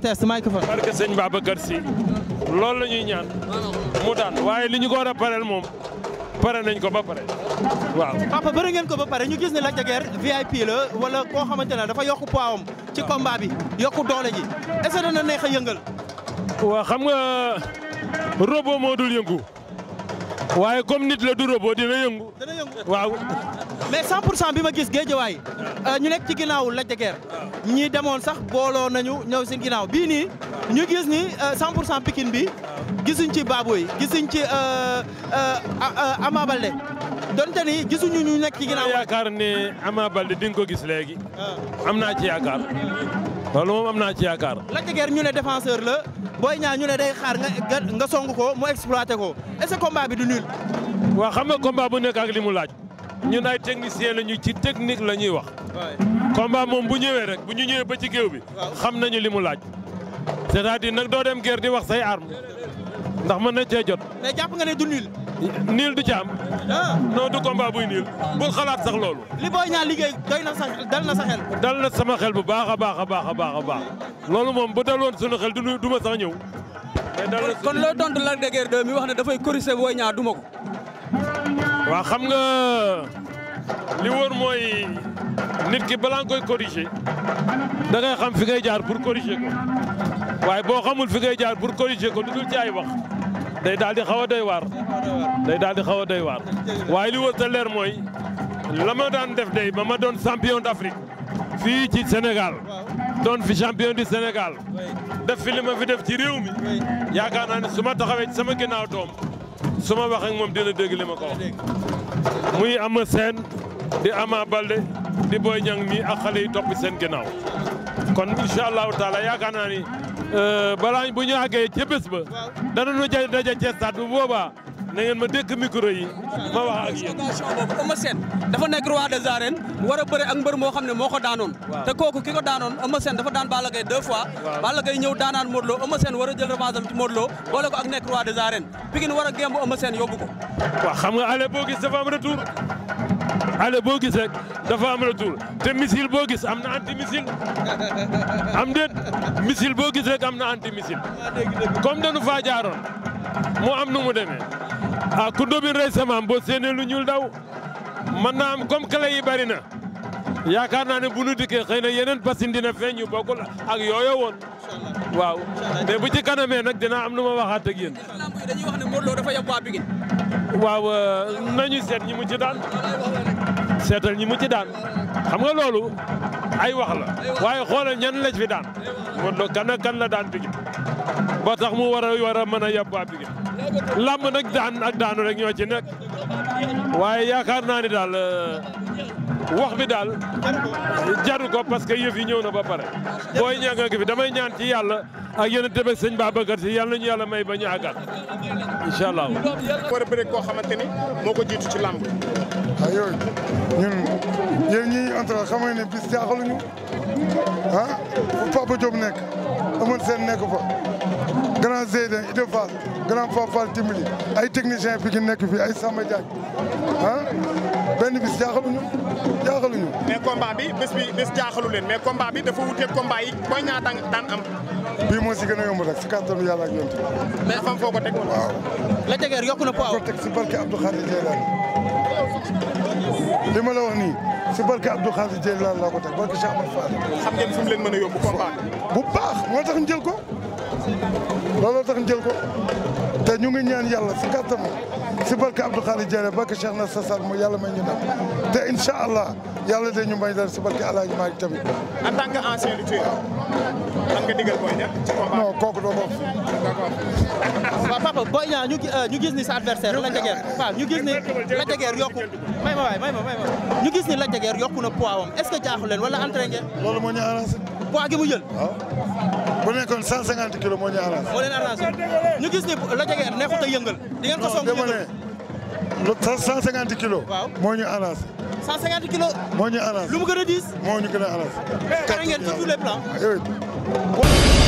micro test microphone. parce que sëñ Babacar si loolu la ñuy ñaan mu daan waaye li ñu ko war a pareel moom pare nañ ko ba pare waaw. papa bëri ngeen ko ba pare ñu gis ne Lac de Guiers VIP la wala koo xamante ne dafa yokk poids am ci combat bi yokku doole ji est-ce que dana neex a yëngal. waaw xam nga robot moo dul yëngu. waaye comme nit la du robot dina yëngu. dina yëngu waaw. mais 100 pour cent bi ma gis géejewaay euh, ñu nekk ci ginnaaw Lac de Guiers. ñi demoon sax booloo nañu ñëw seen ginnaaw bii nii. ñu gis ni 100 euh, pour cent Pikine bi. gis gisuñ ci gis gisuñ ci euh, Ama Baldé donte ni gisuñu ñu nekk ci ginnaaw. yaakaar ne Ama Baldé di nga ko gis léegi. Ah. am naa ci yaakaar. loolu moom am naa ci yaakaar. Lac de ñu ne défenseur la Boy Niang ñu ne day xaar nga nga song ko mu exploité ko est-ce que bi du nul. waa xam nga combat bu nekk ak li mu laaj ñun ay technicien la ñu ci technique la ñuy wax. combat moom bu ñëwee rek bu ñu ñëwee ba ci géew bi. xam nañu li mu laaj. cest nag doo dem ger di wax say arme ndax mën nañ cee jot. mais jàpp nga ne du niil. niil du ci am. Ah. non du combat buy niil. bul xalaat sax loolu. li booy ñaa liggéey doy na sa dal na sa dal na sama xel bu baax a baax a baax a baax a baax loolu moom bu daloon sunu xel du du ma sax ñëw. kon loo tontu Lac de Guiers 2 wax ne dafay corriger booy ñaar duma ko. waa xam nga li wóor mooy nit ki balaa nga koy corriger da xam fi ngay jaar pour corriger ko waaye boo xamul fi ngay jaar pour corriger ko du dul ci wax. day daal di xaw a doy waar day daal di xaw a doy waar waaye li wër sa leer mooy la ma daan def day ba ma doon champion d'Afrique fii ci Sénégal doon fi champion di senegal def fi li ma fi def ci réew mi yaakaar naa ne su ma taxawee ci sama ginnaaw doom su ma wax ak moom dina dégg li ma ko wax muy Ama Sène di Ama Baldé di Boy Niang mi ak xale topp seen ginnaaw kon incha allahu taala yaakaar naa ni Euh, balaa bu ñu àggee ba. dana nu ja daja ca stade booba boobaa na ngeen ma dégg micro yi. ma wax ak yéen boobu Eumeu Sène dafa nekk roi des arènes war a bëre ak moo xam ne moo ko daanoon. te kooku ki ko daanoon Eumeu Sène dafa daan Balla Gaye deux fois. waaw Balla Gaye ñëw daanaan Modou Lo Eumeu war a jël revanche am ci Modou boole ko ak nekk roi des arènes Pikine war a gémb ko. waaw xam nga allé boo gis dafa am retour. xale boo gis rek dafa am retour te missile boo gis am na anti missile am déet missile boo gis rek am na anti missile comme dañu faa jaaroon moo am nu mu demee ah ku ndóobin rey samaam boo séenee lu ñuul daw mën naa am comme clé yi bari na yaakaar naa ne bu nu dikkee xëy na yeneen basin dina feeñ ñu bokkul ak yooyo waaw mais bu ci kanamee nag dina am lu ma waxaat ak yéen. dañuy dafa yab waa Pikine. waaw euh, nañu seet ñi mu ci daan seetal ñi mu ci daan xam nga loolu ay wax la waaye xoolal ñan lañ fi daan Modou Lo kan la daan Pikine ba tax mu war a war a mën a yab waa Pikine lamb nag daan ak daanu rek ñoo ci nekk. waaye yaakaar naa ni daal euh, wax bi daal jaru ko parce que yëf yi ñëw na ba pare. booy ña nga fi damay ñaan ci yàlla ak yéen a demee sëñ Babacar si yàlla nañu yàlla may ba ñu àggal incha allah. war a bëri koo xamante ni moo ko jiitu ci làmb. aywa ah, ñun. yéen ñii entraîneur xam nga ne bis jaaxaluñu ah fu Papa Diop nekk amoon seen nekk fa grand Zeyden Ida Fall grand Papa Fall dimbali ay technicien bi ki nekk fi ay sama Diagne ah benn bis jaaxaluñu jaaxaluñu. mais combat bi bés bi bés jaaxalu leen mais combat bi dafa wuteeg combat yi booy ñaata daan am. bii moo si gën a yomb rek si kàttanu yàlla ak yonent mais fam foo ko teg waaw. la Dégueur yokku na poids. ko teg si barke Abdou li ma la wax nii si barke Abdou Khadir Dieng laa ko teg barke Cheikh Ahmad Fall. xam ngeen fu mu leen mën a yóbbu combat bu baax moo tax ñu jël ko looloo tax ñu jël ko te ñu ngi ñaan yàlla si kàttan si barke Abdou Khadre Diéré barke Cheikh na Sassar mu yàlla may ñu dem te incha allah yàlla dañu may dara si barke El Hadj Malick tamit. en tant que ancien lutteur lan nga digal ko ñu euh, ñu gis ni sa adversaire Lac de Guiers waaw ñu gis ni Lac de Guiers yokku may ma waay may ma may ma ñu gis ni Lac de yokku na poids am que jaaxu leen wala entraîné ngeen. poids gi mu jël. waaw bu nekkoon 150 kilos moo ñu arrangé. moo leen arrangé ñu gis ni la jege neexut a yëngal. di ngeen ko song dama ne lu 150 kilos. waaw moo ñu arrangé. 150 moo ñu arrangé lu mu gën diis. moo ñu gën a arrangé. pare ngeen sur tous les plans.